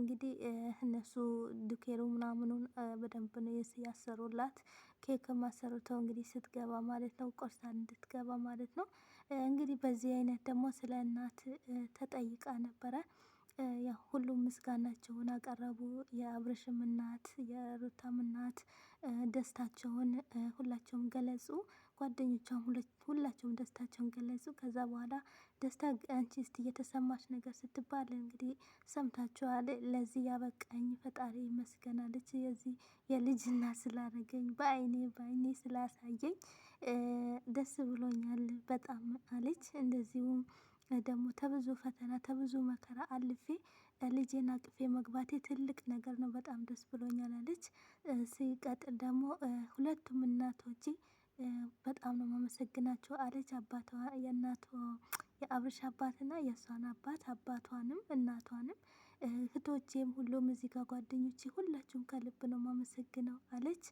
እንግዲህ እነሱ ዱኬሩ ምናምኑን በደንብ ነው ያሰሩላት። ኬክ ማሰርተው እንግዲህ ስትገባ ማለት ነው፣ ቆርሳ እንድትገባ ማለት ነው። እንግዲህ በዚህ አይነት ደግሞ ስለ እናት ተጠይቃ ነበረ። ያው ሁሉም ምስጋናቸውን አቀረቡ። የአብረሽም እናት የሩታም እናት ደስታቸውን ሁላቸውም ገለጹ። ጓደኞቿም ሁላቸውም ደስታቸውን ገለጹ። ከዛ በኋላ ደስታ አንቺ እስቲ የተሰማሽ ነገር ስትባል እንግዲህ ሰምታችኋል። ለዚህ ያበቃኝ ፈጣሪ ይመስገን አለች። የዚህ የልጅና ስላረገኝ በአይኔ በአይኔ ስላሳየኝ ደስ ብሎኛል በጣም አለች። እንደዚሁም ደግሞ ተብዙ ፈተና ተብዙ መከራ አልፌ ልጄን አቅፌ መግባቴ ትልቅ ነገር ነው፣ በጣም ደስ ብሎኛል አለች። ሲቀጥል ደግሞ ሁለቱም እናቶቼ በጣም ነው ማመሰግናቸው አለች። አባቷ የእናቷ የአብርሽ አባትና የእሷን አባት አባቷንም እናቷንም እህቶቼም ሁሉም እዚህ ጋር ጓደኞቼ ሁላችሁም ከልብ ነው ማመሰግነው አለች።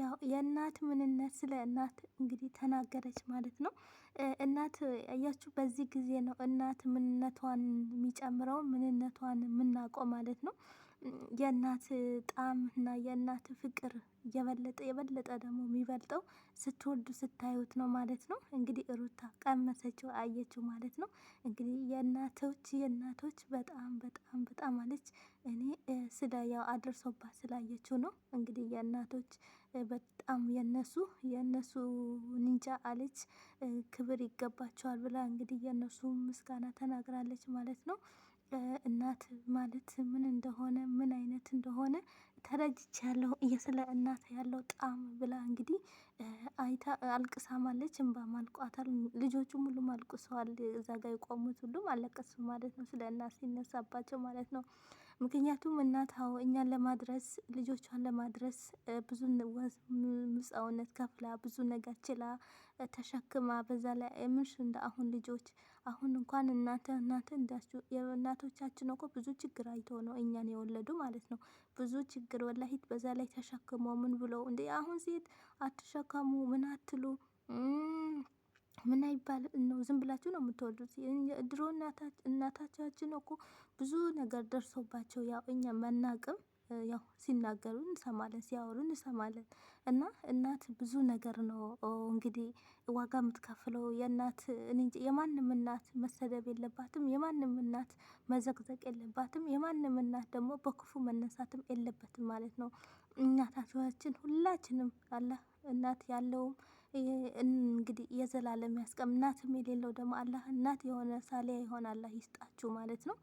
ያው የእናት ምንነት ስለ እናት እንግዲህ ተናገረች ማለት ነው። እናት እያችሁ በዚህ ጊዜ ነው እናት ምንነቷን የሚጨምረው ምንነቷን የምናውቀው ማለት ነው። የእናት ጣዕም እና የእናት ፍቅር የበለጠ የበለጠ ደግሞ የሚበልጠው ስትወዱ ስታዩት ነው ማለት ነው። እንግዲህ ሩታ ቀመሰችው አየችው ማለት ነው። እንግዲህ የእናቶች የእናቶች በጣም በጣም በጣም አለች። እኔ ስለ ያው አድርሶባት ስላየችው ነው እንግዲህ የእናቶች በጣም የነሱ የነሱ ንንጃ አለች ክብር ይገባቸዋል ብላ እንግዲህ የእነሱ ምስጋና ተናግራለች ማለት ነው። እናት ማለት ምን እንደሆነ ምን አይነት እንደሆነ ተረድቻለሁ። የስለ እናት ያለው ጣዕም ብላ እንግዲህ አይታ አልቅሳ ማለች። እንባ ማልቋታል። ልጆቹም ሁሉም አልቅሰዋል። እዛ ጋ የቆሙት ሁሉም አለቀሱ ማለት ነው። ስለ እናት ሲነሳባቸው ማለት ነው። ምክንያቱም እናት እኛን ለማድረስ ልጆቿን ለማድረስ ብዙ ምጻውነት ከፍላ ብዙ ነገር ችላ ተሸክማ በዛ ላይ ምንሽ እንደ አሁን ልጆች አሁን እንኳን እናንተ እናንተ እንዳችሁ የእናቶቻችን እኮ ብዙ ችግር አይቶ ነው እኛን የወለዱ ማለት ነው። ብዙ ችግር ወላሂት በዛ ላይ ተሸክሞ ምን ብሎ እንደ አሁን ሴት አትሸከሙ ምን አትሉ ምን አይባል ነው? ዝም ብላችሁ ነው የምትወዱት። ድሮ እናታቻችን እኮ ብዙ ነገር ደርሶባቸው ያው እኛ መናቅም ያው ሲናገሩ እንሰማለን፣ ሲያወሩ እንሰማለን። እና እናት ብዙ ነገር ነው እንግዲህ ዋጋ የምትከፍለው። የእናት የማንም እናት መሰደብ የለባትም። የማንም እናት መዘግዘቅ የለባትም። የማንም እናት ደግሞ በክፉ መነሳትም የለበትም ማለት ነው። እናታችን ሁላችንም አለ እናት ያለውም እንግዲህ የዘላለም ያስቀም እናትም የሌለው ደግሞ አላህ እናት የሆነ ሳሊያ የሆነ አላህ ይስጣችሁ ማለት ነው።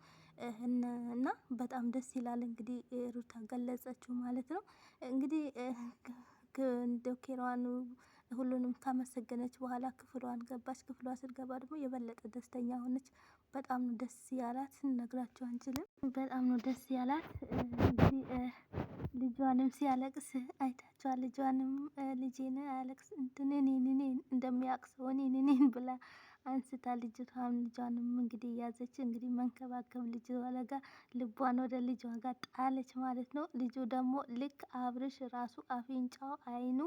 እና በጣም ደስ ይላል እንግዲህ ሩታ ገለጸችው ማለት ነው። እንግዲህ ዶኬሯን ሁሉንም ካመሰገነች በኋላ ክፍሏን ገባች። ክፍሏ ስትገባ ደግሞ የበለጠ ደስተኛ ሆነች። በጣም ነው ደስ ያላት፣ ነግራቸው አንችልም። በጣም ነው ደስ ያላት። ልጇንም ሲያለቅስ አይታችኋል። ልጇንም ልጄን አያለቅስ እንትንን ንኔን እንደሚያቅስ ሆኔ ንኔን ብላ አንስታ ልጅቷን ልጇንም እንግዲህ ያዘች። እንግዲህ መንከባከብ ልጅ ወለጋ ልቧን ወደ ልጇ ጋር ጣለች ማለት ነው። ልጁ ደግሞ ልክ አብርሽ ራሱ አፍንጫው፣ አይኑ፣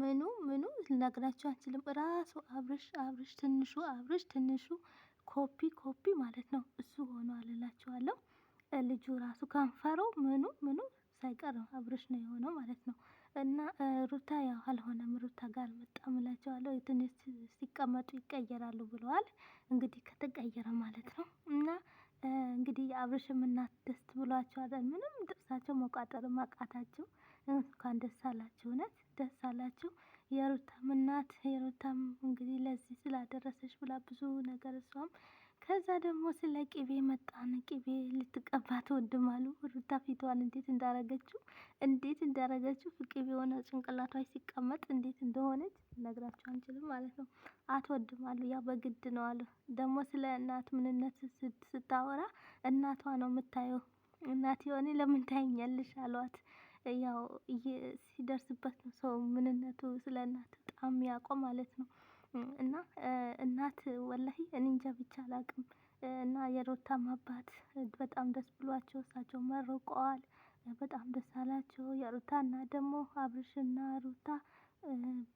ምኑ ምኑ ልነግራችሁ አንችልም። ራሱ አብርሽ አብርሽ ትንሹ አብርሽ ትንሹ ኮፒ ኮፒ ማለት ነው። እሱ ሆኖ አልላችኋለሁ። ልጁ ራሱ ከንፈሩ ምኑ ምኑ ሳይቀር አብሮሽ ነው የሆነው ማለት ነው። እና ሩታ ያው አልሆነም፣ ሩታ ጋር አልመጣም እላቸዋለሁ። ትንሽ ሲቀመጡ ይቀየራሉ ብለዋል። እንግዲህ ከተቀየረ ማለት ነው። እና እንግዲህ የአብርሽም እናት ደስ ብሏቸዋል። ምንም ጥርሳቸው መቋጠር ማቃታቸው እንኳን ደስ አላቸው። አትወድም አሉ። ሩታ ፊቷን እንዴት እንዳረገችው እንዴት እንዳረገችው ፍቅር የሆነ ጭንቅላቷ ሲቀመጥ እንዴት እንደሆነች ነግራችሁ አንችልም ማለት ነው። አትወድም አሉ። ያው በግድ ነው አሉ። ደግሞ ስለ እናት ምንነት ስታወራ እናቷ ነው የምታየው። እናት የሆነ ለምን ታይኛለሽ አሏት። ያው ሲደርስበት ነው ሰው ምንነቱ ስለ እናት በጣም ያውቀው ማለት ነው። እና እናት ወላሂ እኔ እንጃ ብቻ አላቅም እና የሩታም አባት በጣም ደስ ብሏቸው እሳቸው መርቀዋል። በጣም ደስ አላቸው። እና ደግሞ አብርሽና ሩታ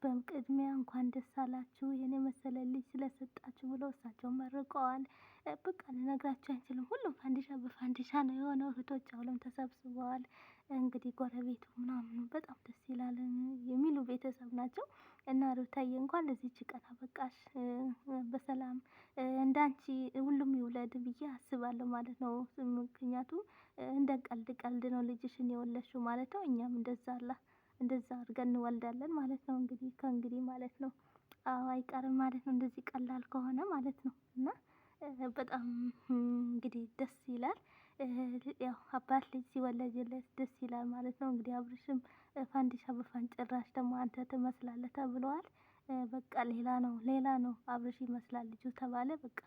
በቅድሚያ እንኳን ደስ አላችሁ የኔ መሰለ ልጅ ስለሰጣችሁ ብለው እሳቸው መርቀዋል። በቃ ልነግራችሁ አይችልም። ሁሉም ፋንዲሻ በፋንዲሻ ነው የሆነው። እህቶች አሁንም ተሰብስበዋል። እንግዲህ ጎረቤቱ ምናምኑ በጣም ደስ ይላል። ቤተሰብ ናቸው እና ሩታዬ እንኳን ለዚች ቀን አበቃሽ። በሰላም እንዳንቺ ሁሉም ይውለድ ብዬ አስባለሁ ማለት ነው። ምክንያቱም እንደ ቀልድ ቀልድ ነው ልጅሽን የወለድሽው ማለት ነው። እኛም እንደዛ አላ እንደዛ አድርገን እንወልዳለን ማለት ነው። እንግዲህ ከእንግዲህ ማለት ነው አይቀርም ማለት ነው። እንደዚህ ቀላል ከሆነ ማለት ነው እና በጣም እንግዲህ ደስ ይላል። ያው አባት ልጅ ሲወለድለት ደስ ይላል ማለት ነው። እንግዲህ አብርሽም ፋንዲሻ በፋን ጭራሽ ደግሞ አንተ ትመስላለህ ተብለዋል። በቃ ሌላ ነው ሌላ ነው አብርሽ ይመስላል ልጁ ተባለ። በቃ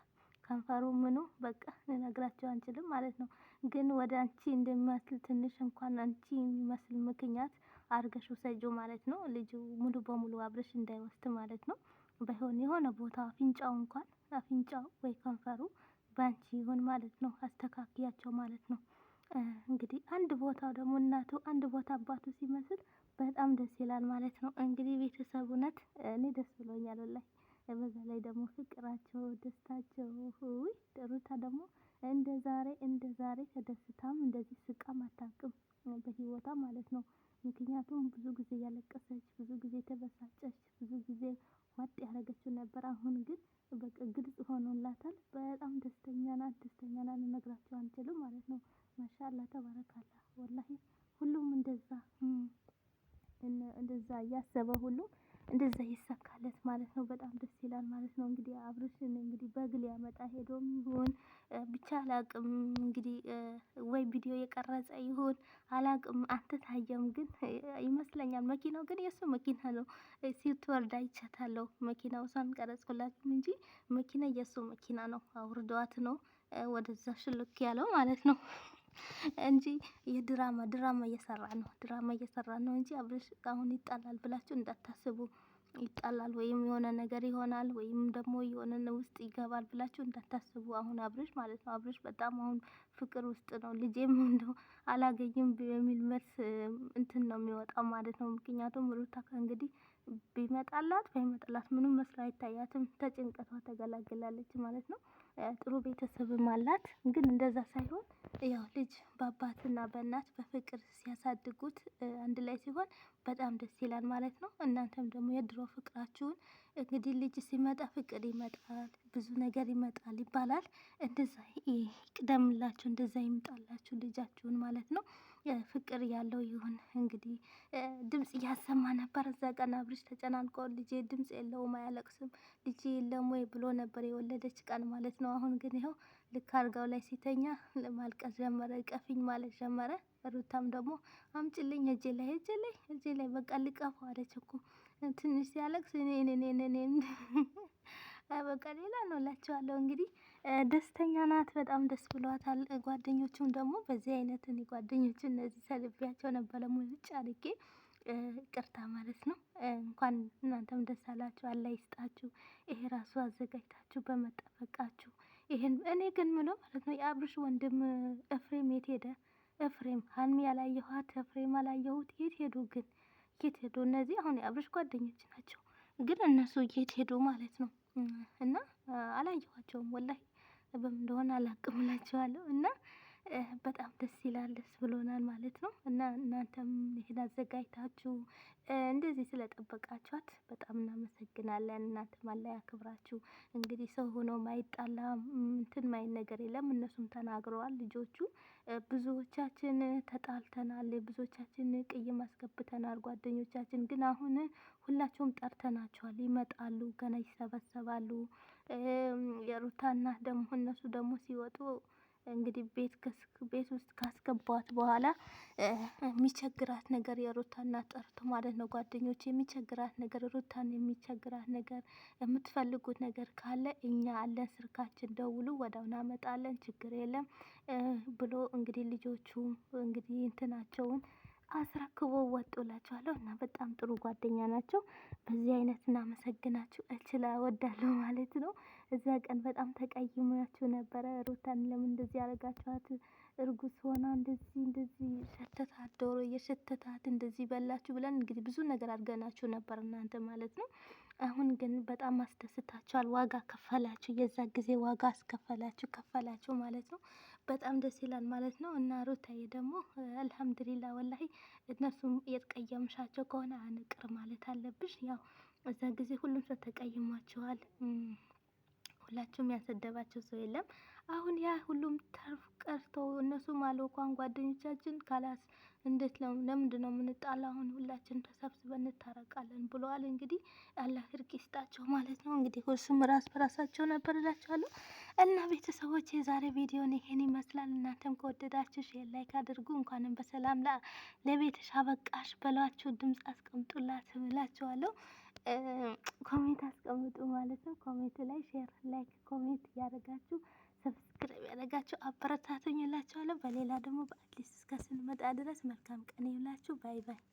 ከንፈሩ ምኑ በቃ ልነግራቸው አንችልም ማለት ነው። ግን ወደ አንቺ እንደሚመስል ትንሽ እንኳን አንቺ የሚመስል ምክንያት አርገሽ ውሰጁ ማለት ነው። ልጁ ሙሉ በሙሉ አብርሽ እንዳይወስድ ማለት ነው። ባይሆን የሆነ ቦታ አፍንጫው እንኳን አፍንጫው ወይ ከንፈሩ በአንቺ ይሁን ማለት ነው። አስተካክያቸው ማለት ነው። እንግዲህ አንድ ቦታ ደግሞ እናቱ አንድ ቦታ አባቱ ሲመስል በጣም ደስ ይላል ማለት ነው። እንግዲህ ቤተሰብ እውነት እኔ ደስ ብሎኛል ወላሂ። በዛ ላይ ደግሞ ፍቅራቸው፣ ደስታቸው ውይ ሩታ ደግሞ እንደ ዛሬ እንደ ዛሬ ተደስታም እንደዚህ ስቃም አታውቅም በህይወቷ ማለት ነው። ምክንያቱም ብዙ ጊዜ ያለቀሰች፣ ብዙ ጊዜ ተበሳጨች፣ ብዙ ጊዜ ዋጥ ያደረገችው ነበር። አሁን ግን በቃ ግልጽ ሆኖላታል። በጣም ደስተኛ ናት፣ ደስተኛ ናት። አንችልም ማለት ነው። ማሻላ ተባረካላ። ወላሂ ሁሉም እንደዛ እንደዛ እያሰበ ሁሉም እንደዛ ይሳካለት ማለት ነው። በጣም ደስ ይላል ማለት ነው። እንግዲህ አብርሽን እንግዲህ በግል ያመጣ ሄዶም ይሁን ብቻ አላቅም። እንግዲህ ወይ ቪዲዮ የቀረጸ ይሁን አላቅም፣ አልተታየም ግን ይመስለኛል። መኪናው ግን የእሱ መኪና ነው። ሲትወርዳ ይቻታለሁ መኪናው እሷን ቀረጽኩላችሁ እንጂ መኪና የእሱ መኪና ነው። አውርዷት ነው ወደዛ ሽልክ ያለው ማለት ነው። እንጂ የድራማ ድራማ እየሰራ ነው። ድራማ እየሰራ ነው እንጂ አብርሽ አሁን ይጣላል ብላችሁ እንዳታስቡ። ይጣላል ወይም የሆነ ነገር ይሆናል ወይም ደግሞ የሆነ ውስጥ ይገባል ብላችሁ እንዳታስቡ። አሁን አብርሽ ማለት ነው አብርሽ በጣም አሁን ፍቅር ውስጥ ነው። ልጄም እንደው አላገኝም የሚል መልስ እንትን ነው የሚወጣው ማለት ነው። ምክንያቱም ሩታ ከእንግዲህ ቢመጣላት ባይመጣላት ምንም መስሎ አይታያትም። ተጭንቀቷ ተገላግላለች ማለት ነው። ጥሩ ቤተሰብም አላት። ግን እንደዛ ሳይሆን ያው ልጅ በአባትና በእናት በፍቅር ሲያሳድጉት አንድ ላይ ሲሆን በጣም ደስ ይላል ማለት ነው። እናንተም ደግሞ የድሮ ፍቅራችሁን እንግዲህ ልጅ ሲመጣ ፍቅር ይመጣል፣ ብዙ ነገር ይመጣል ይባላል። እንደዛ ይቅደምላችሁ፣ እንደዛ ይምጣላችሁ ልጃችሁን ማለት ነው። ፍቅር ያለው ይሁን እንግዲህ ድምፅ እያሰማ ነበር። እዛ ቀን አብርሽ ተጨናንቆ ልጄ ድምፅ የለውም አያለቅስም ልጄ የለም ወይ ብሎ ነበር የወለደች ቀን ማለት ነው። አሁን ግን ይኸው ልክ አልጋው ላይ ሲተኛ ማልቀስ ጀመረ፣ ቀፊኝ ማለት ጀመረ። ሩታም ደግሞ አምጭልኝ እጄ ላይ እጄ ላይ እጄ ላይ በቃ ልቀፈው አለች እኮ ትንሽ ሲያለቅስ እኔ እኔ እኔ በቃ ሌላ ነው እላቸዋለሁ። እንግዲህ ደስተኛ ናት፣ በጣም ደስ ብሏታል። ጓደኞቹም ደግሞ በዚህ አይነት እኔ ጓደኞቹ እነዚህ ሰልቤያቸው ነበረ ሙልጭ አድርጌ ቅርታ ማለት ነው። እንኳን እናንተም ደስ አላችሁ፣ አላህ ይስጣችሁ። ይሄ ራሱ አዘጋጅታችሁ በመጠበቃችሁ ይህን እኔ ግን ምለው ማለት ነው የአብርሽ ወንድም እፍሬም የት ሄደ? እፍሬም ሀይሚ ያላየኋት እፍሬም አላየሁት። የት ሄዱ ግን? የት ሄዱ? እነዚህ አሁን የአብርሽ ጓደኞች ናቸው፣ ግን እነሱ የት ሄዱ ማለት ነው? እና አላየኋቸውም ወላሂ በምን እንደሆነ አላቅምላቸዋለሁ እና በጣም ደስ ይላል፣ ደስ ብሎናል ማለት ነው። እና እናንተም ይህን አዘጋጅታችሁ እንደዚህ ስለጠበቃችኋት በጣም እናመሰግናለን። እናንተም አላህ ያክብራችሁ። እንግዲህ ሰው ሆኖ ማይጣላ እንትን ማይን ነገር የለም። እነሱም ተናግረዋል ልጆቹ። ብዙዎቻችን ተጣልተናል፣ ብዙዎቻችን ቅይም አስገብተናል ጓደኞቻችን። ግን አሁን ሁላቸውም ጠርተናቸዋል ይመጣሉ፣ ገና ይሰበሰባሉ። የሩታና ደግሞ እነሱ ደግሞ ሲወጡ እንግዲህ ቤት ቤት ውስጥ ካስገባት በኋላ የሚቸግራት ነገር የሩታ እናት ጠርቶ ማለት ነው ጓደኞች፣ የሚቸግራት ነገር ሩታን የሚቸግራት ነገር የምትፈልጉት ነገር ካለ እኛ አለን፣ ስልካችን ደውሉ፣ ወዲያው እናመጣለን፣ ችግር የለም ብሎ እንግዲህ ልጆቹ እንግዲህ እንትናቸውን አስረክቦ ወጡላችኋለሁ እና በጣም ጥሩ ጓደኛ ናቸው። በዚህ አይነት እናመሰግናቸው እችላ ወዳለሁ ማለት ነው። እዚያ ቀን በጣም ተቀይማችሁ ነበረ። ሩታን ለምን እንደዚህ ያደረጋችኋት? እርጉዝ ሆና እንደዚህ እንደዚህ ሸተታት፣ ዶሮ የሸተታት እንደዚህ በላችሁ ብለን እንግዲህ ብዙ ነገር አድርገናችሁ ነበር እናንተ ማለት ነው። አሁን ግን በጣም አስደስታችኋል። ዋጋ ከፈላችሁ፣ የዛ ጊዜ ዋጋ አስከፈላችሁ ከፈላችሁ ማለት ነው። በጣም ደስ ይላል ማለት ነው። እና ሩታዬ ደግሞ አልሐምዱሊላ ወላሂ እነሱም የተቀየምሻቸው ከሆነ አንቅር ማለት አለብሽ። ያው እዛ ጊዜ ሁሉም ሰው ተቀይሟቸዋል። ሁላችሁም ያሰደባቸው ሰው የለም። አሁን ያ ሁሉም ተርፍ ቀርቶ እነሱም እንኳን ጓደኞቻችን ካላስ እንዴት ነው ለምንድን ነው የምንጣላ? አሁን ሁላችን ተሰብስበን እንታረቃለን ብለዋል። እንግዲህ አላህ እርቅ ይስጣቸው ማለት ነው። እንግዲህ እሱም ራስ በራሳቸው ነበር እላቸዋለሁ። እና ቤተሰቦች የዛሬ ቪዲዮን ይሄን ይመስላል። እናንተም ከወደዳችሁ ሼር ላይክ አድርጉ። እንኳንም በሰላም ለቤተሽ አበቃሽ በሏችሁ፣ ድምፅ አስቀምጡላት ብላችኋለሁ። ኮሜንት አስቀምጡ ማለት ነው። ኮሜንት ላይ ሼር፣ ላይክ፣ ኮሜንት እያደረጋችሁ ሰብስክራይብ ያደረጋችሁ አበረታቱኝ እላችኋለሁ። በሌላ ደግሞ በአዲስ እስከ ስንመጣ ድረስ መልካም ቀን ይሁንላችሁ። ባይ ባይ።